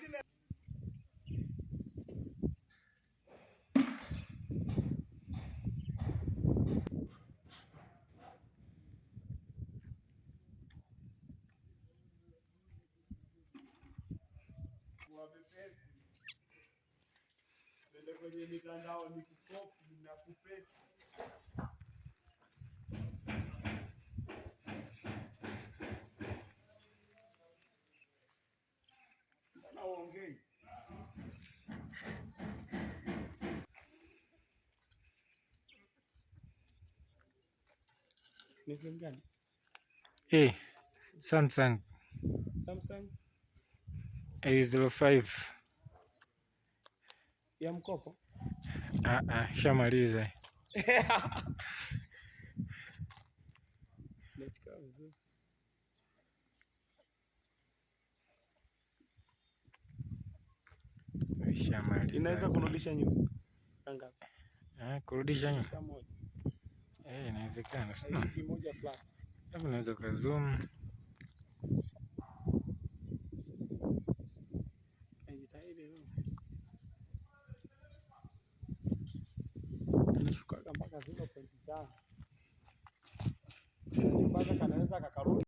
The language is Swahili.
Mwenye pou mwenye, mwenye pou mwenye. haongei. Ni simu gani? Eh, Samsung. Samsung A05. Ya mkopo? Ah ah, shamaliza. Nishamaliza. Inaweza kurudisha nyuma. Ngapi? Eh, kurudisha nyuma. Eh, inawezekana. Sina. Moja plus. Hebu naweza ka zoom. Inashukaga mpaka 0.5. Kwanza kanaweza kakarudi.